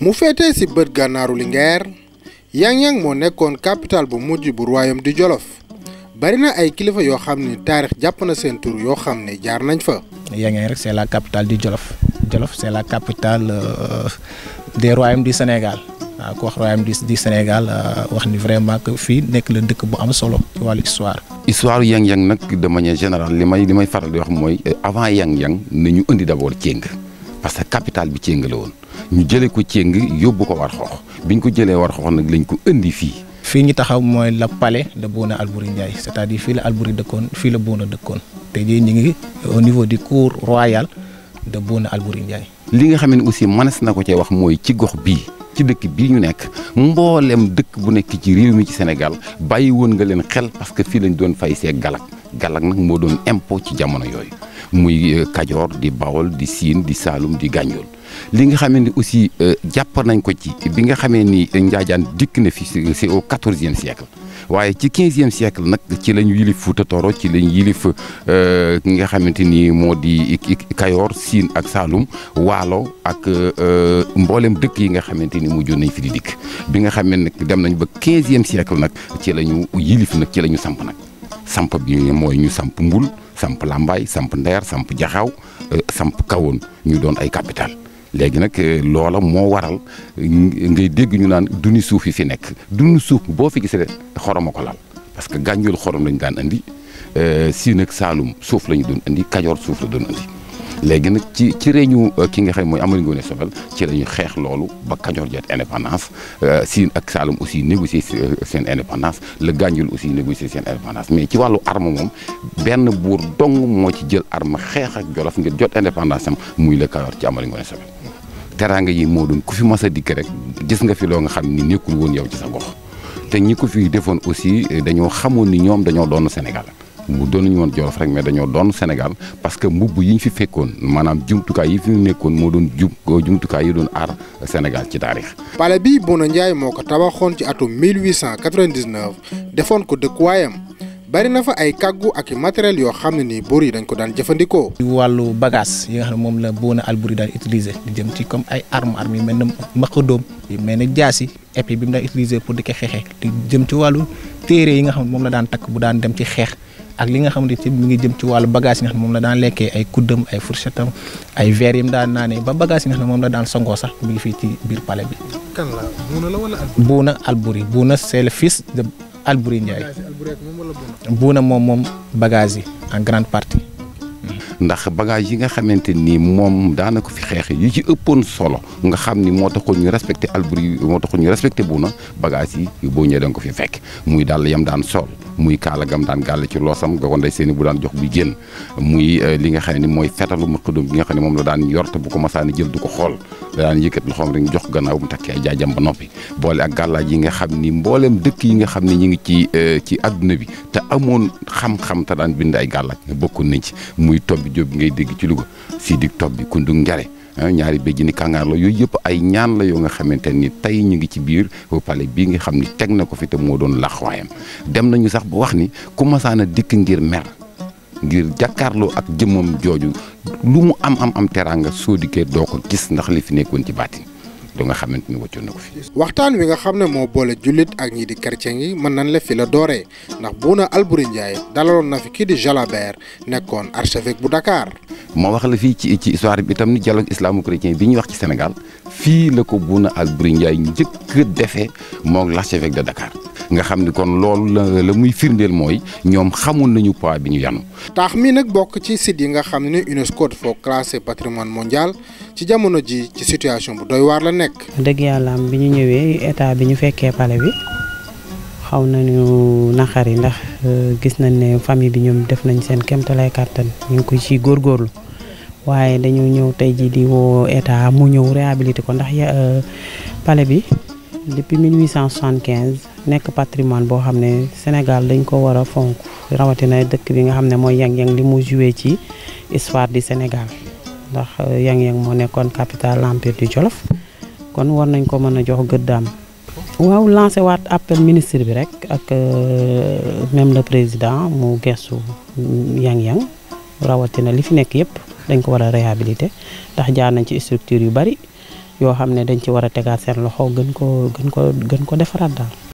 mu féete ci bët gànnaaru yang-yang moo nekkoon capital bu mujj bu royaume du Jolof barina na ay kilifa yoo xam ne taarix na seen jaar nañ fa. yang-yang rek c'est la capitale du Jolof Jolof c'est la capitale euh, des royaumes du Sénégal. waaw ku wax royaume du du Sénégal euh, wax ni vraiment que bu am solo ci wàllu histoire. histoire yang-yang nag de manière générale li may li may faral di wax euh, avant yang-yang nañu indi d'abord Céng parce que capitale bi Céng la ñu jëlee ko ceng yóbbu ko war xoox ñu ko jëlee war xoox nag lañ ko indi fii. fii ñu taxaw mooy la palais de Bouna Albouri Ndiaye c'est-à-dire fii la Albouri dëkkoon fii la Bouna dëkkoon te jii ñu ngi au niveau du cour royal de Bouna Albouri Ndiaye. li nga xam ne aussi mënees na ko cee wax mooy ci gox bii ci dëkk bii ñu nekk mboolem dëkk bu nekk ci réew mi ci Sénégal bàyyi woon nga leen xel parce que fii lañ doon fay see galak gallag nag moo doon impôt ci jamono yooyu muy euh, kajoor di bawol di siin di saalum di gànjool li nga xamee ni aussi euh, jàpp nañ ko ci bi nga xamee ni euh, njaajaan dikk na fi c'est au quatorzième siècle waaye ci quinzième siècle nag ci lañ yilif Fuuta Tooro ci lañ yilif ki nga xamante ni moo di Kayoor Siin ak Saalum Waalo ak mboolem dëkk yi nga xamante ni mujjoon nañ fi di dikk bi nga xamee nag dem nañ ba quinzième siècle nag ci la ñu yilif nag ci la ñu samp nag samp bi mooy ñu samp mbul samp làmbaay samp ndeer samp jaxaaw euh, samp kawoon ñu doon ay capital léegi nag euh, loola moo waral euh, ngay dégg ñu naan duni suuf yi fi nekk duni suuf boo fi gisee xorom a ko lal parce que gànjul xorom lañu daan andi sii ak saalum suuf la ñu doon andi kajoor suuf la doon andi léegi nag ci ci réñu euh, ki nga xam ne mooy Amari Ngoone Sobel ci la ñu xeex loolu ba Kajoor jot indépendance euh, si ak Saalum aussi négocier euh, seen indépendance la Gànjul aussi négocier seen indépendance mais ci wàllu arme moom benn buur dong moo ci jël arme xeex ak Jolof ngir jot indépendance sam muy la Kajoor ci Amari Ngoone Sobel teraanga yi moo doon ku fi mas a dikk rek gis nga fi loo nga xam ni nekkul woon yow ci sa gox te ñi ko fi defoon aussi dañoo xamoon ni ñoom dañoo doon Sénégal mu doonuñu woon Jolof rek mais dañoo doon Sénégal parce que mbubb yi ñu fi fekkoon maanaam jumtukaay yi fi nekkoon moo doon jub jumtukaay yi doon aar Sénégal ci taarix. pale bi Bouna Ndiaye moo ko tabaxoon ci atum 1899 defoon ko dëkkuwaayam bari na fa ay kàggu ak i matériel yoo xam ne nii buur yi dañ ko daan jëfandikoo. wàllu bagage yi nga xam ne moom la Bouna Alboury daan utiliser di jëm ci comme ay armes armes yu mel ne maqa dóom yu mel ne jaasi épée bi mu daan utiliser pour di ko xeexee jëm ci wàllu téere yi xam moom la daan takk bu daan dem ci xeex. ak li nga xamante ci mu ngi jëm ci wàllu bagage yi nga moom la daan lekkee ay kuddam ay fourchette am ay verre yi mu daan naanee ba bagage yi nga ne moom la daan sangoo sax mi ngi fii ci biir pale bi. kan la Buuna la Albouri. Buuna Albouri Buuna c'est le fils Buuna moom moom bagage yi en grande partie. ndax bagage yi nga xamante ni moom daana ko fi xeexe yu ci ëppoon solo nga xam ni moo taxoon ñu respecté alburi moo taxoon ñu respecté bu na bagage yi boo ñëwee da ko fi fekk muy dàll yam daan sol muy kaala gam dan gàll ci loosam nga kon day seeni bu daan jox bu génn muy eh, li nga xam ne mooy fetalu ma xëdum bi nga xam ne moom la daan yor te bu ko masaani jël du ko xool da daan yëkkat loxoom rek jox gannaaw mu takki ay jaajam ba noppi boole ak gàllaaj yi nga xam ni mbooleem dëkk yi nga xam ñi ngi ci eh, ci àdduna bi te amoon xam-xam te daan bind ay gàllaaj bokku nañ ci muy tob Diouf Diop ngay dégg ci Louga Sidik Top bi Koundou Njare ah, ñaari béjji ni kàngaar yooyu yëpp ay ñaan la yoo nga xamante ni tey ñu ngi ci biir palais bi nga xam ni teg na ko fi te moo doon laxwaayam dem nañu sax bu wax ni ku masaan dikk ngir mer ngir jàkkaarloo ak jëmmam jooju lu mu am am am teraanga soo dikkee doo ko gis ndax li fi nekkoon ci baatin du nga xamante ni wëccoon na ko fi. waxtaan wi nga xam ne moo boole jullit ak ñii di chrétien yi mën nañ la fi la dooree ndax Bouna Alboury Ndiaye dalaloon na fi kii di Jalabert nekkoon archevêque bu Dakar. moo wax la fii ci ci histoire bi itam ni jaloo islamo-chrétien bi ñuy wax ci senegal fii la ko Bouna Alboury Ndiaye njëkk a defee moom l'archevêque de Dakar. nga xam ni kon loolu la la muy firndeel mooy ñoom xamoon nañu poids bi ñu yanu. taax mi nag bok ci site yi nga xam ne UNESCO dafa classé patrimoine mondial ci jamono ji ci situation bu doy waar la nekk. dëgg yàlla bi ñu ñëwee état bi ñu fekkee palais bi xaw nañu naqari ndax euh, gis nañ ne famille bi ñoom def nañ seen kéemtalaay kàttan ñu ngi ko ci góorgóorlu. waaye dañu ñëw tey jii di woo état mu ñëw réhabilité ko ndax ya, euh, palais bi depuis 1875 nekk patrimoine boo xam ne Sénégal dañ ko war a fonk rawatina dëkk bi nga xam ne mooy yang-yang li mu joué ci histoire du Sénégal ndax euh, yang-yang moo nekkoon capitale l'empire du Jolof kon war nañ ko mën a jox gëddaam waaw lancé waat appel ministre bi rek ak euh, même le président mu gestu yang-yang rawatina li fi nekk yëpp dañ ko war a réhabilité ndax jaar nañ ci structure yu bari yoo xam ne dañ ci war a tegaat seen loxo gën ko gën ko gën ko defaraat daal